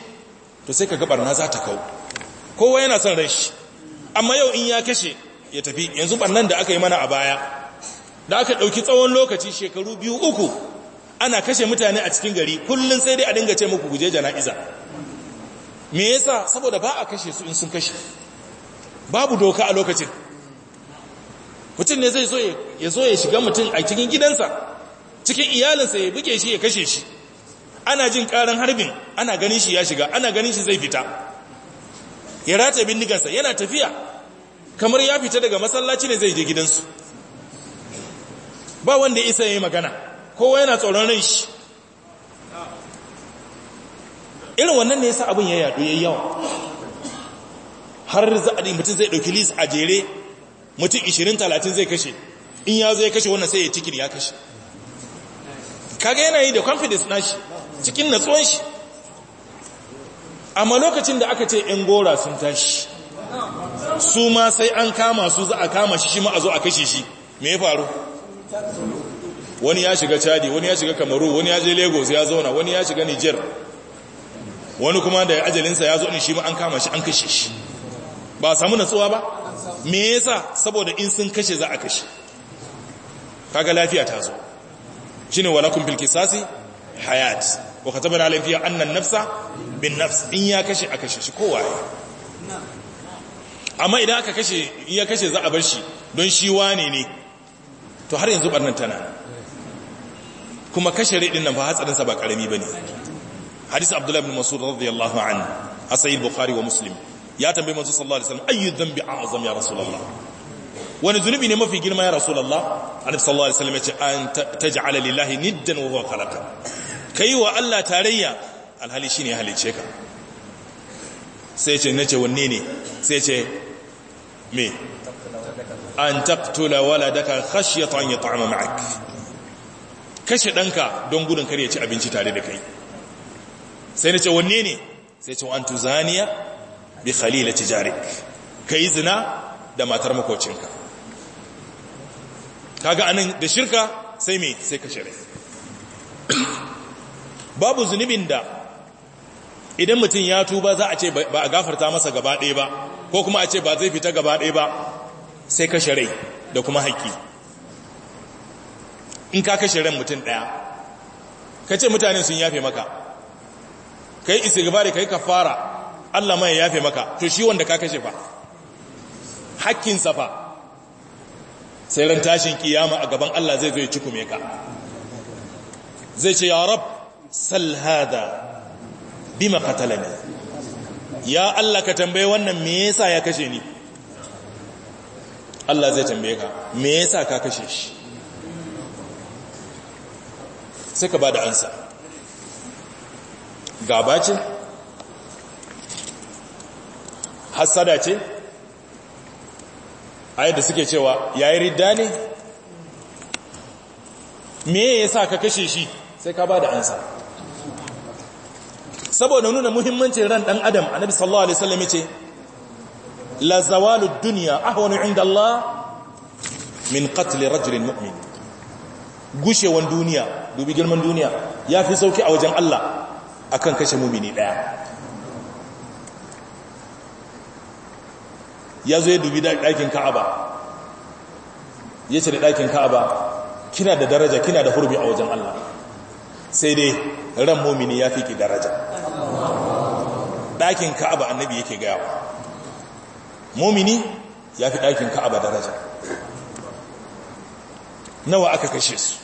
to sai kaga barna za ta kawo. kowa yana son rashi amma yau in ya kashe ya tafi yanzu barnan da aka yi mana a baya da aka dauki tsawon lokaci shekaru biyu uku ana kashe mutane a cikin gari kullun sai dai a dinga ce muku guje jana'iza me yasa saboda ba a kashe su in sun kashe babu doka a lokacin mutum ne zai zo ya shiga mutum a cikin gidansa cikin iyalinsa ya buke shi ya kashe shi ana jin karan harbin ana ganin shi ya shiga ana ganin shi zai fita ya rata bindigarsa, yana tafiya kamar ya fita daga masallaci ne zai je gidansu ba wanda isa ya yi magana kowa yana tsoron rai shi irin wannan ne ya sa abin ya yadu yi yawa har za a mutum zai ɗauki lis a jere mutum 20-30 zai kashe in ya zo ya kashe wannan sai ya cikin ya kashe kaga yana yi da confidence na shi cikin natsuwan shi amma lokacin da aka ce ‘yan gora sun tashi su ma sai an kama su za a kama shi shi ma a zo a kashe shi me ya faru wani ya shiga chadi wani ya shiga kamaru wani ya je lagos ya zauna wani ya shiga niger wani kuma da ajalinsa ya zo ne shi ma an kama shi an kashe shi ba samu natsuwa ba me yasa saboda in sun kashe za a kashe kaga lafiya ta zo shine walakum bil qisasi hayat wa katabna alayhi fiha anna an-nafsa bin nafs in ya kashe a kashe shi kowa amma idan aka kashe ya kashe za a bar shi don shi wane ne to har yanzu barnan tana kuma kashe ridin nan ba hatsarin sa ba karami bane hadisi abdullahi ibn mas'ud radiyallahu anhu asai bukhari wa muslim ya tambayi manzo sallallahu alaihi wasallam ayyu dhanbi a'zam ya rasulullah wani zunubi ne mafi girma ya rasulullah annabi sallallahu alaihi wasallam ya ce an taj'ala lillahi niddan wa huwa khalaqa kai wa Allah tarayya alhali shine ya halice ka sai ya ce nace wanne ne sai ya ce me an taqtula waladaka khashyata an yat'ama ma'ak kashe danka don gudun kare ya ci abinci tare da kai sai nace wanne ne sai ya ce an tuzaniya bi khalilati jarik kai zina da matar makocinka kaga anan da shirka sai me sai ka shirka babu zunubin da idan mutum ya tuba za a ce ba a gafarta masa gaba ɗaya ba ko kuma a ce ba zai fita gaba ɗaya ba sai ka rai da kuma haƙƙi in ka kashe ran mutum ɗaya ka ce mutane sun yafe maka ka yi kai ka yi kafara Allah ma ya yafe maka to shi wanda ka kashe fa hakkinsa fa sai ran tashin kiyama a gaban Allah zai zo ya kume ka zai ce ya rab sal hada bima qatalani ya Allah ka tambaye wannan me yasa ya kashe ni Allah zai tambaye ka me yasa ka kashe shi sai ka bada ansa gaba ce hassada ce ayat suke cewa yayi ridda ne me yasa ka kashe shi sai ka bada ansa saboda nuna muhimmancin ran dan adam annabi sallallahu alaihi wasallam yace la zawalu dunya ahwanu inda Allah min qatl rajulin mu'min gushewan duniya dubi girman duniya yafi sauki a wajen Allah akan kashe mumini daya ya zo ya dubi ɗakin ka'aba ya ce da ɗakin ka'aba kina da daraja kina da hurbi a wajen Allah sai dai ran momini ya fi ki daraja ɗakin ka'aba annabi yake wa momini ya fi ɗakin ka'aba daraja nawa aka kashe su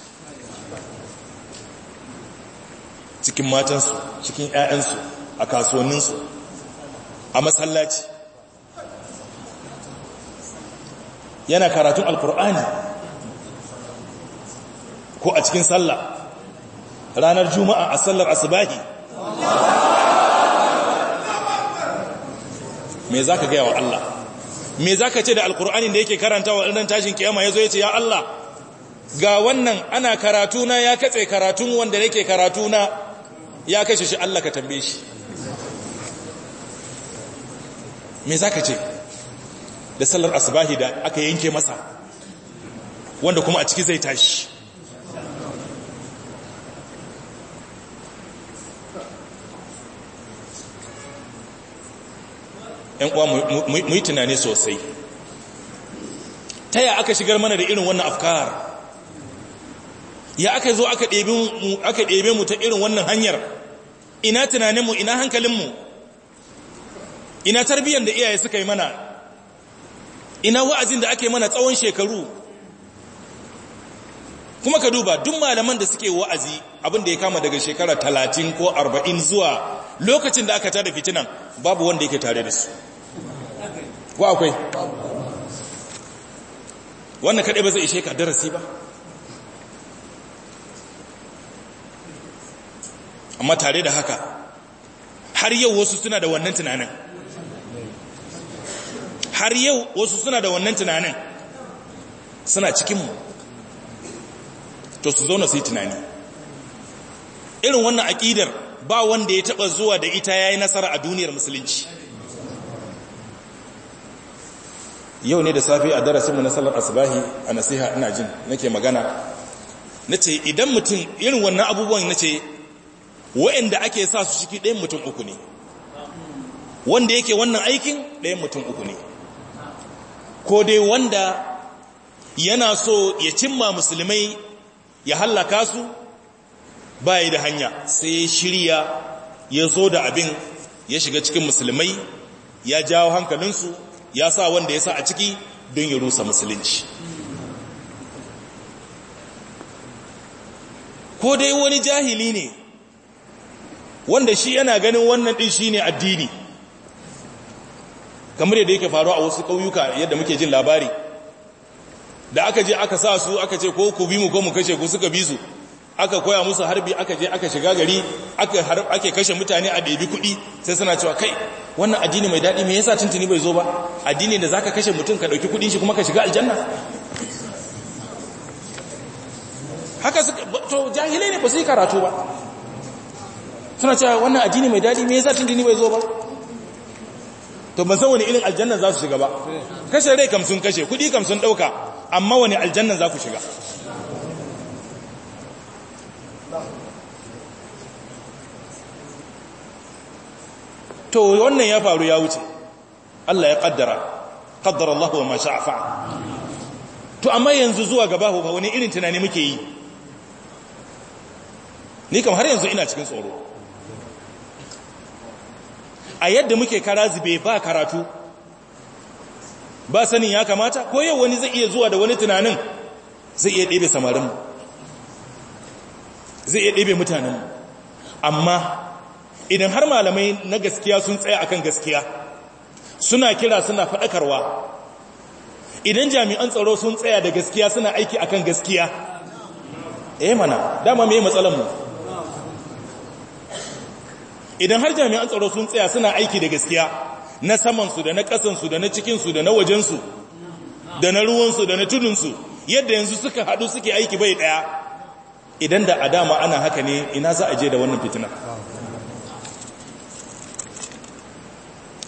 cikin matansu cikin 'ya'yansu a kasuwanninsu a masallaci yana karatun alkur'ani ko a cikin sallah ranar juma'a a sallar asubahi me za ka gaya wa Allah me za ka ce da alkur'ani da yake karanta wa ɗan tashin kiyama ya zo ya ce ya Allah ga wannan ana karatuna ya katse karatun wanda yake karatuna ya kashe shi Allah ka tambaye shi me za ka ce da sallar asibahi da aka yanke masa wanda kuma a ciki zai tashi ‘yan uwa mu yi tunani sosai ta ya aka shigar mana da irin wannan afkar ya aka zo aka ɗebe mu ta irin wannan hanyar ina tunaninmu ina hankalinmu ina tarbiyyar da iyaye suka yi mana ina wa'azin da ake mana tsawon shekaru kuma ka duba duk malaman da suke wa'azi abinda ya kama daga shekara talatin ko arba'in zuwa lokacin da aka tada fitinan babu wanda yake tare da su wa akwai wannan kaɗai ba zai ishe ka darasi ba amma tare da haka har yau wasu suna da wannan tunanin har yau wasu suna da wannan tunanin suna cikinmu to su zauna su yi tunani irin wannan aƙidar ba wanda ya taɓa zuwa da ita ya yi nasara a duniyar musulunci yau ne da safe a darasinmu na salar asibahi a nasiha ina jin nake magana na ce idan mutum irin wannan abubuwan na ce wa'inda ake sa su ciki ɗayan mutum uku ne wanda yake wannan aikin ɗayan mutum uku ne ko dai wanda yana so ya cimma musulmai ya hallaka su bayi da hanya sai shirya ya zo da abin ya shiga cikin musulmai ya jawo hankalinsu ya sa wanda ya sa a ciki don ya rusa musulunci ko dai wani jahili ne wanda shi yana ganin wannan din ne addini kamar yadda yake faruwa a wasu ƙauyuka yadda muke jin labari da aka je aka sa su aka ce ko ku bi mu ko mu kashe ku suka bi su aka koya musu harbi aka je aka shiga gari aka ake kashe mutane a ɗabi kuɗi sai suna cewa kai wannan addini mai daɗi me yasa tuntuni bai zo ba addini da zaka kashe mutum ka ɗauki kuɗin shi kuma ka shiga aljanna haka su to jahilai ne ba su yi karatu ba suna cewa wannan addini mai daɗi me yasa tuntuni bai zo ba to ban san wani irin aljanna za su shiga ba eh. kashe rai kam sun kashe kudi kam sun dauka amma wani aljanna za ku shiga to wannan ya faru ya wuce Allah ya kaddara kaddara Allah wa ma sha'a to amma yanzu zuwa gaba ba wani irin tunani muke yi ni kam har yanzu ina cikin tsoro a yadda muke kara zube ba karatu ba sanin ya kamata ko yau wani zai iya zuwa da wani tunanin zai iya ɗebe samarinmu zai iya ɗebe mutanenmu amma idan har malamai na gaskiya sun tsaya akan gaskiya suna kira suna faɗakarwa idan jami'an tsaro sun tsaya da gaskiya suna aiki akan gaskiya eh mana dama me matsalar mu idan har jami'an tsaro sun tsaya suna aiki da gaskiya na samansu da na ƙasansu da na cikinsu da na wajensu da na ruwansu da na tudunsu yadda yanzu suka haɗu suke aiki bai ɗaya idan da a dama ana haka ne ina za a je da wannan fitina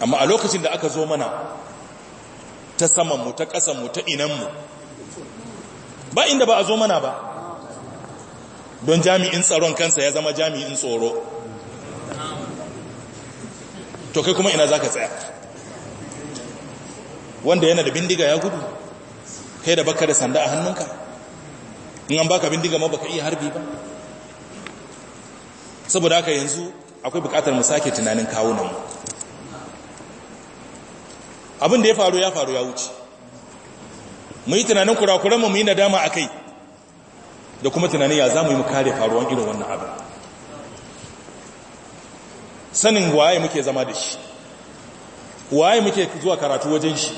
amma a lokacin da aka zo mana ta samanmu ta ƙasanmu ta inanmu ba inda ba a zo mana ba don jami'in tsaron kansa ya zama jami'in tsoro to kai kuma ina za ka tsaya wanda yana da bindiga ya gudu kai da baka da sanda a hannunka in an baka bindiga ma baka iya harbi ba saboda haka yanzu akwai bukatar mu sake tunanin kawunan abin da ya faru ya faru ya wuce mu yi tunanin kurakuran mu yi nadama a kai da kuma tunanin ya za mu yi mu kare faruwan irin wannan abin sanin waye muke zama da shi waye muke zuwa karatu wajen shi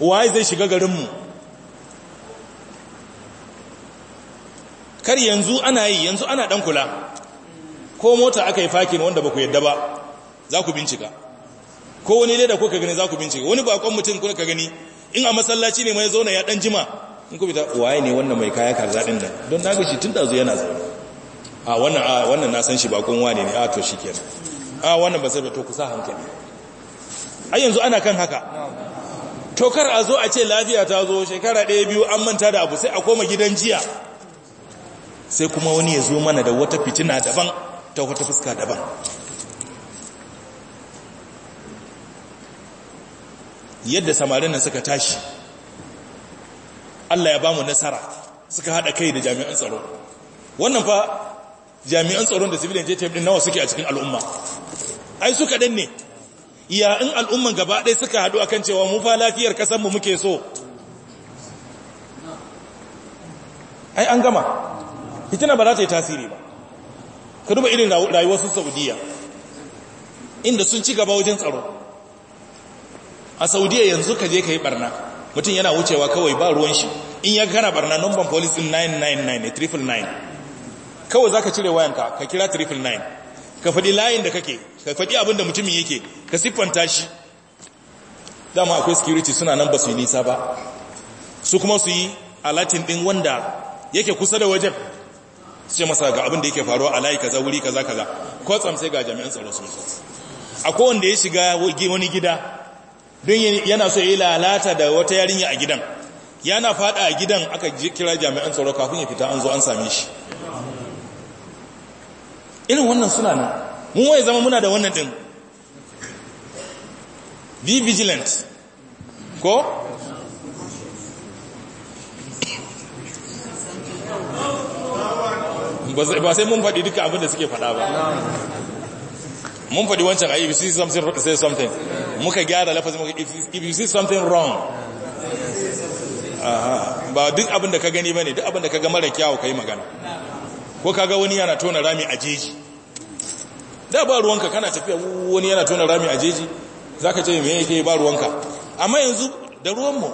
waye zai shiga garinmu kar yanzu ana yi yanzu ana dan kula ko mota aka yi fakin wanda ba ku yadda ba za ku bincika ko wani leda ko ka gani za ku bincika wani bakon mutum ko ka gani in a masallaci ne mai zauna ya dan jima in ku fita waye ne wannan mai kaya karza din nan don na gashi tun tun zuwa yana zaune a wannan a wannan na san shi bakon wane ne a to shi kenan a wannan ba zai ba to ku sa hankali a yanzu ana kan haka tokar a zo a ce lafiya ta zo shekara ɗaya biyu an manta da abu sai a koma gidan jiya sai kuma wani ya zo mana da wata fitina daban ta wata fuska daban yadda samarin nan suka tashi Allah ya ba mu nasara suka haɗa kai da jami'an tsaro wannan fa jami'an tsaron da civilian JTF din nawa suke a cikin al'umma ai su dan ne ya in al'umman gaba ɗaya suka haɗu akan cewa mu fa lafiyar kasanmu muke so ai an gama fitina ba za ta yi tasiri ba ka duba irin rayuwar su saudiya inda sun ci gaba wajen tsaro a saudiya yanzu ka je ka yi barna mutum yana wucewa kawai ba ruwan shi in ya gana barna number police 999 999 kawai zaka cire wayanka ka kira 999 ka faɗi layin da kake ka faɗi abin da mutumin yake ka siffanta shi dama akwai security suna nan ba su yi nisa ba su kuma su yi alatin ɗin wanda yake kusa da wajen sai masa ga abin da yake faruwa a layi kaza wuri kaza kaza ko tsamsai ga jami'an tsaro sun a akwai ya shiga wani gida don yana so ya yi lalata da wata yarinya a gidan yana fada a gidan aka kira jami'an tsaro kafin ya fita an zo an same shi irin wannan suna nan mun waye zama muna da wannan din be vigilant ko ba sai mun faɗi duka abinda suke faɗa ba mun faɗi wancan ayi if you see something say something muka gyara lafazi muka if you see something wrong ba duk abinda ka gani bane duk abinda ka ga mara kyawu kai magana ko kaga wani yana tona rami a jeji da ba ruwanka kana tafiya wani yana tona rami a jeji za ka ce me yake ba ruwanka amma yanzu da ruwanmu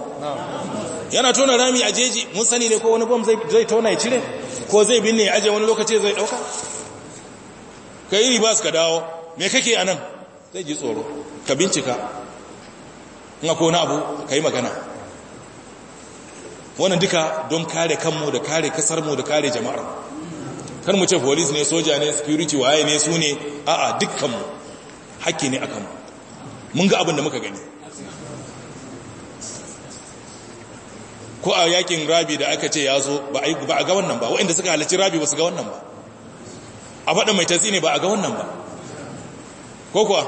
yana tona rami a jeji mun sani ne ko wani bom zai tona ya cire ko zai binne ya aje wani lokaci zai dauka ka yi ribas ka dawo me kake a nan zai ji tsoro ka bincika na ko wani abu ka yi magana wannan duka don kare kanmu da kare kasarmu da kare jama'ar kar mu ce police ne soja ne security waye ne su ne a'a dukkanmu hakki ne akan mun ga abin da muka gani ko a yakin rabi da aka ce ya zo ba a ga wannan ba waɗanda suka halarci rabi ba su ga wannan ba a faɗin mai tatsi ne ba a ga wannan ba ko kuwa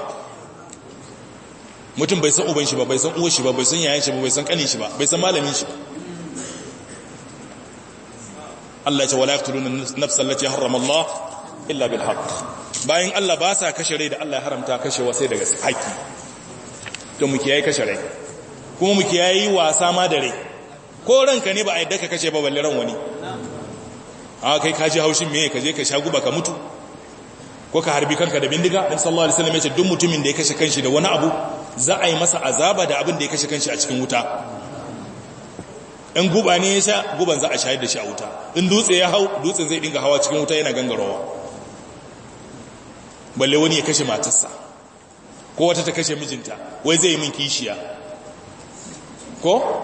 mutum bai san uban shi ba bai san uwa shi ba bai san yayan shi ba bai san kanin shi ba bai san malamin shi ba Allah ya ce wala yaqtuluna nafsan allati harrama Allah illa bil haqq bayan Allah ba sa kashe rai da Allah ya haramta wa sai daga haƙi to mu kiyaye kashe rai kuma mu kiyaye wasa ma da rai ko ranka ne ba a yadda ka kashe ba balle ran wani a kai ka ji haushin me ka je ka sha guba ka mutu ko ka harbi kanka da bindiga annabi sallallahu alaihi wasallam ya ce duk mutumin da ya kashe kanshi da wani abu za a yi masa azaba da abin da ya kashe kanshi a cikin wuta in guba ne ya sha guban za a shayar da shi a wuta in dutse ya hau dutsen zai dinga hawa cikin wuta yana gangarowa balle wani ya kashe matarsa ko wata ta kashe mijinta wai zai yi min kishiya ko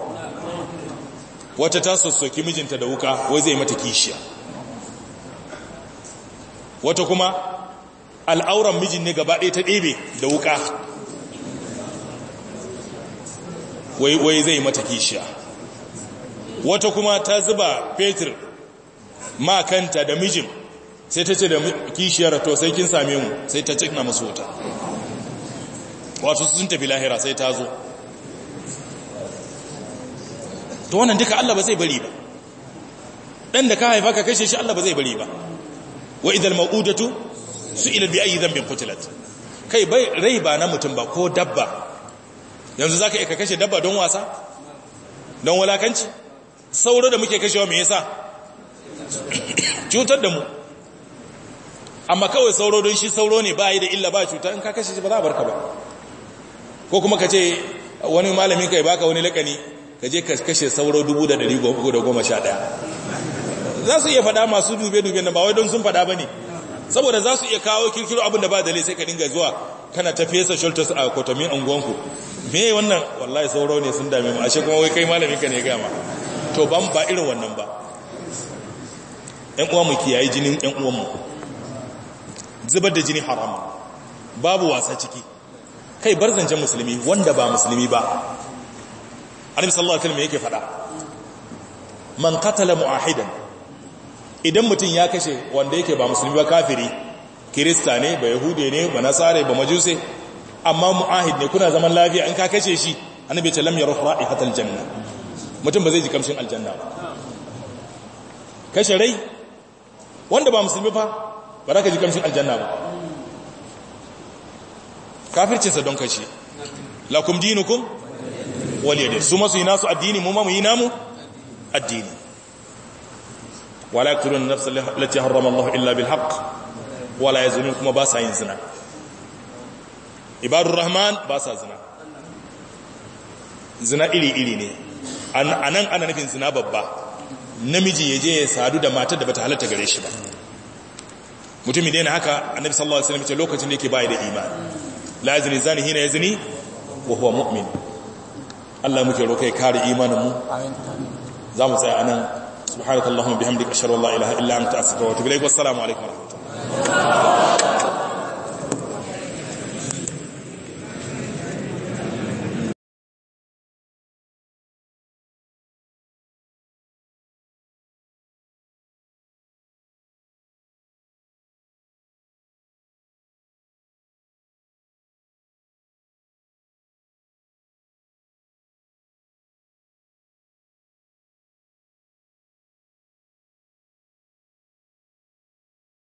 wata ta sassoki mijinta da wuka wai zai mata kishiya wata kuma al'auran mijin ne gaba ɗaya ta ɗebe da wuka wai zai mata kishiya wata kuma ta zuba fetur makanta da mijin sai ta ce da kishiyar to sai kin same mu sai ta cikna musu wuta wato sun tafi lahira sai ta zo to wannan duka Allah ba zai bari ba dan da ka haifa ka kashe shi Allah ba zai bari ba wa idan maudatu ila bi ayi dhanbin qutilat kai bai rai ba na mutum ba ko dabba yanzu zaka iya ka kashe dabba don wasa don walakanci sauro da muke kashewa me yasa cutar da mu amma kawai sauro don shi sauro ne ba yi da illa ba cuta in ka kashe shi ba za a barka ba ko kuma ka ce wani malamin kai baka wani lakani ka je ka kashe sauro 3,311 za su iya faɗa masu dube-dube na ba wai don sun faɗa ba ne saboda za su iya kawo kirkiro abin da ba dalai sai ka dinga zuwa kana ta fesa shelters a kwatamin unguwanku me wannan wallahi sauro ne sun dame mu ashe kuma wai kai malamin ka ne gama to ba ba irin wannan ba ɗan uwa mu kiyaye jinin ɗan uwan mu zubar da jini harama. babu wasa ciki kai bar zancen musulmi wanda ba musulmi ba annabi sallallahu alaihi yake faɗa man qatala muahidan idan mutum ya kashe wanda yake ba musulmi ba kafiri kirista ne ba yahude ne ba nasare ba majuse amma muahid ne kuna zaman lafiya in ka kashe shi annabi ta lamya lam yarhu ra'ihatal janna mutum ba zai ji kamshin aljanna ba kashe rai wanda ba musulmi fa ba za ka ji kamshin aljanna ba kafircinsa don kashe lakum dinukum waliyade su masu yi nasu addini mu ma mu yi namu addini wala ya yaktulun nafsa allati harrama Allah illa bil haq. wala ya yazunun kuma ba sa yin zina ibadur rahman ba sa zina zina iri iri ne a nan ana nufin zina babba namiji ya je ya sadu da matar da bata halatta gare shi ba mutumin da yana haka annabi sallallahu alaihi wasallam ce lokacin da yake bai da imani la yazni zani hina yazni wa huwa mu'min Allah muke roƙe kare imanin mu amin zamu tsaya anan subhanakallahumma bihamdika ashhadu an la ilaha illa anta astaghfiruka wa atubu ilaik assalamu alaikum wa rahmatullahi